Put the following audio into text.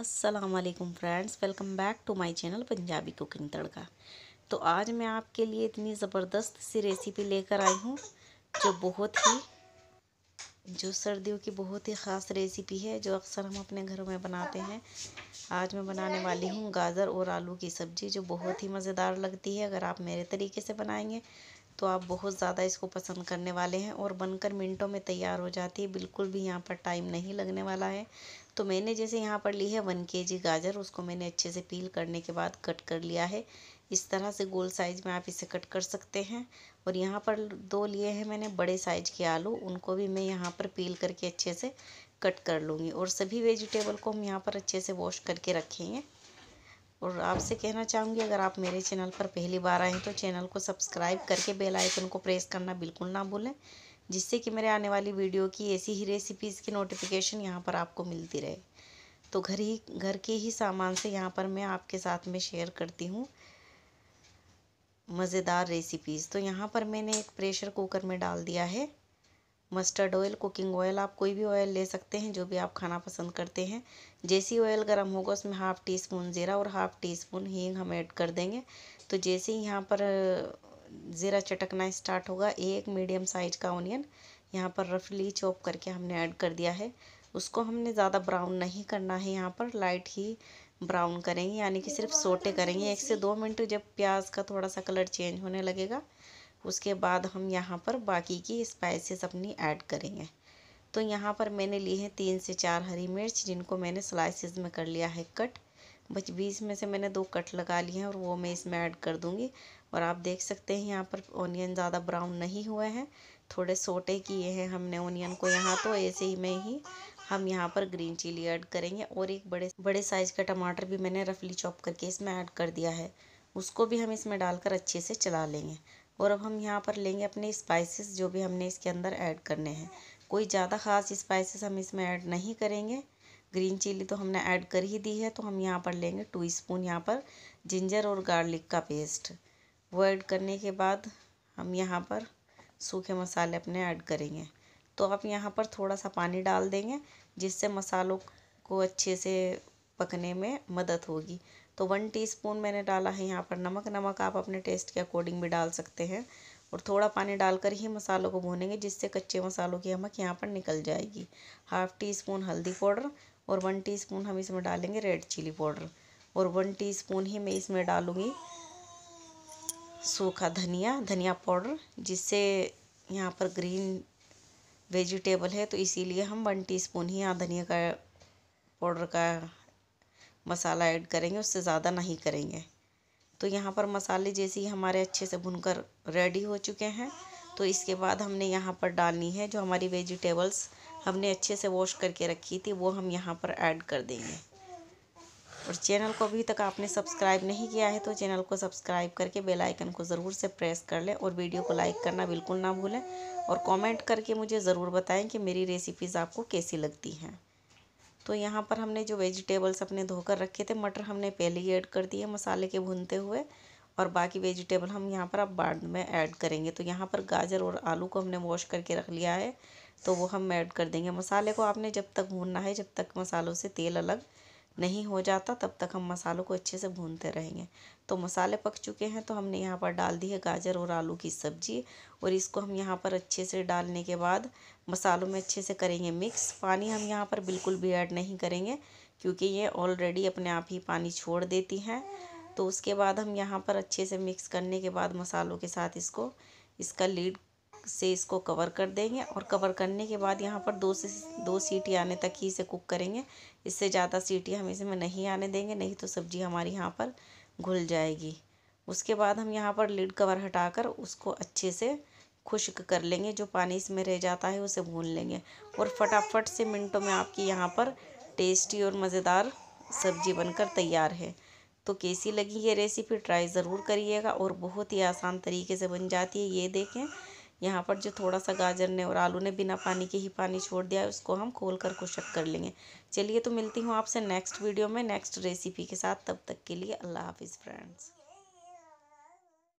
Aslam friends welcome back to my channel Punjabi cooking Tadka तो आज मैं आपके लिए इतनी ज़बरदस्त सी रेसिपी लेकर आई हूँ जो बहुत ही जो सर्दियों की बहुत ही ख़ास रेसिपी है जो अक्सर हम अपने घरों में बनाते हैं आज मैं बनाने वाली हूँ गाजर और आलू की सब्ज़ी जो बहुत ही मज़ेदार लगती है अगर आप मेरे तरीके से बनाएंगे तो आप बहुत ज़्यादा इसको पसंद करने वाले हैं और बनकर मिनटों में तैयार हो जाती है बिल्कुल भी यहाँ पर टाइम नहीं लगने वाला है तो मैंने जैसे यहाँ पर ली है वन के जी गाजर उसको मैंने अच्छे से पील करने के बाद कट कर लिया है इस तरह से गोल साइज़ में आप इसे कट कर सकते हैं और यहाँ पर दो लिए हैं मैंने बड़े साइज़ के आलू उनको भी मैं यहाँ पर पील करके अच्छे से कट कर लूँगी और सभी वेजिटेबल को हम यहाँ पर अच्छे से वॉश करके रखेंगे और आपसे कहना चाहूँगी अगर आप मेरे चैनल पर पहली बार आए हैं तो चैनल को सब्सक्राइब करके बेल आइकन को प्रेस करना बिल्कुल ना भूलें जिससे कि मेरे आने वाली वीडियो की ऐसी ही रेसिपीज़ की नोटिफिकेशन यहाँ पर आपको मिलती रहे तो घर ही घर के ही सामान से यहाँ पर मैं आपके साथ में शेयर करती हूँ मज़ेदार रेसिपीज़ तो यहाँ पर मैंने एक प्रेशर कुकर में डाल दिया है मस्टर्ड ऑयल कुकिंग ऑयल आप कोई भी ऑयल ले सकते हैं जो भी आप खाना पसंद करते हैं जैसे ही ऑयल गर्म होगा उसमें हाफ़ टी स्पून ज़ीरा और हाफ़ टी स्पून हींग हम ऐड कर देंगे तो जैसे ही यहाँ पर ज़ीरा चटकना स्टार्ट होगा एक मीडियम साइज का ऑनियन यहाँ पर रफली चॉप करके हमने ऐड कर दिया है उसको हमने ज़्यादा ब्राउन नहीं करना है यहाँ पर लाइट ही ब्राउन करेंगे यानी कि सिर्फ सोटे करेंगे एक से दो मिनट जब प्याज का थोड़ा सा कलर चेंज होने लगेगा उसके बाद हम यहाँ पर बाकी की स्पाइसेस अपनी ऐड करेंगे तो यहाँ पर मैंने लिए हैं तीन से चार हरी मिर्च जिनको मैंने स्लाइसिस में कर लिया है कट बच बीस में से मैंने दो कट लगा लिए हैं और वो मैं इसमें ऐड कर दूँगी और आप देख सकते हैं यहाँ पर ऑनियन ज़्यादा ब्राउन नहीं हुए हैं थोड़े सोटे किए हैं हमने ऑनियन को यहाँ तो ऐसे ही में ही हम यहाँ पर ग्रीन चिली ऐड करेंगे और एक बड़े बड़े साइज़ का टमाटर भी मैंने रफली चॉप करके इसमें ऐड कर दिया है उसको भी हम इसमें डालकर अच्छे से चला लेंगे और अब हम यहाँ पर लेंगे अपने स्पाइसेस जो भी हमने इसके अंदर ऐड करने हैं कोई ज़्यादा ख़ास स्पाइसेस हम इसमें ऐड नहीं करेंगे ग्रीन चिली तो हमने ऐड कर ही दी है तो हम यहाँ पर लेंगे टू स्पून यहाँ पर जिंजर और गार्लिक का पेस्ट वो ऐड करने के बाद हम यहाँ पर सूखे मसाले अपने ऐड करेंगे तो आप यहाँ पर थोड़ा सा पानी डाल देंगे जिससे मसालों को अच्छे से पकने में मदद होगी तो वन टीस्पून मैंने डाला है यहाँ पर नमक नमक आप अपने टेस्ट के अकॉर्डिंग भी डाल सकते हैं और थोड़ा पानी डालकर ही मसालों को भूनेंगे जिससे कच्चे मसालों की नमक यहाँ पर निकल जाएगी हाफ़ टी स्पून हल्दी पाउडर और वन टी हम इसमें डालेंगे रेड चिली पाउडर और वन टी ही मैं इसमें डालूँगी सूखा धनिया धनिया पाउडर जिससे यहाँ पर ग्रीन वेजिटेबल है तो इसीलिए हम वन टीस्पून ही यहाँ धनिया का पाउडर का मसाला ऐड करेंगे उससे ज़्यादा नहीं करेंगे तो यहाँ पर मसाले जैसे ही हमारे अच्छे से भुनकर रेडी हो चुके हैं तो इसके बाद हमने यहाँ पर डालनी है जो हमारी वेजिटेबल्स हमने अच्छे से वॉश करके रखी थी वो हम यहाँ पर ऐड कर देंगे और चैनल को अभी तक आपने सब्सक्राइब नहीं किया है तो चैनल को सब्सक्राइब करके बेल आइकन को ज़रूर से प्रेस कर लें और वीडियो को लाइक करना बिल्कुल ना भूलें और कमेंट करके मुझे ज़रूर बताएं कि मेरी रेसिपीज़ आपको कैसी लगती हैं तो यहाँ पर हमने जो वेजिटेबल्स अपने धोकर रखे थे मटर हमने पहले ही ऐड कर दिए मसाले के भूनते हुए और बाकी वेजिटेबल हम यहाँ पर अब बाद में ऐड करेंगे तो यहाँ पर गाजर और आलू को हमने वॉश करके रख लिया है तो वो हम ऐड कर देंगे मसाले को आपने जब तक भूनना है जब तक मसालों से तेल अलग नहीं हो जाता तब तक हम मसालों को अच्छे से भूनते रहेंगे तो मसाले पक चुके हैं तो हमने यहाँ पर डाल दी है गाजर और आलू की सब्जी और इसको हम यहाँ पर अच्छे से डालने के बाद मसालों में अच्छे से करेंगे मिक्स पानी हम यहाँ पर बिल्कुल भी ऐड नहीं करेंगे क्योंकि ये ऑलरेडी अपने आप ही पानी छोड़ देती हैं तो उसके बाद हम यहाँ पर अच्छे से मिक्स करने के बाद मसालों के साथ इसको इसका लीड से इसको कवर कर देंगे और कवर करने के बाद यहाँ पर दो से दो सीटी आने तक ही इसे कुक करेंगे इससे ज़्यादा सीटी हम इसमें नहीं आने देंगे नहीं तो सब्ज़ी हमारी यहाँ पर घुल जाएगी उसके बाद हम यहाँ पर लिड कवर हटाकर उसको अच्छे से खुश्क कर लेंगे जो पानी इसमें रह जाता है उसे भून लेंगे और फटाफट से मिनटों में आपकी यहाँ पर टेस्टी और मज़ेदार सब्जी बनकर तैयार है तो कैसी लगी ये रेसिपी ट्राई ज़रूर करिएगा और बहुत ही आसान तरीके से बन जाती है ये देखें यहाँ पर जो थोड़ा सा गाजर ने और आलू ने बिना पानी के ही पानी छोड़ दिया है उसको हम खोल कर कुशक कर लेंगे चलिए तो मिलती हूँ आपसे नेक्स्ट वीडियो में नेक्स्ट रेसिपी के साथ तब तक के लिए अल्लाह हाफिज़ फ्रेंड्स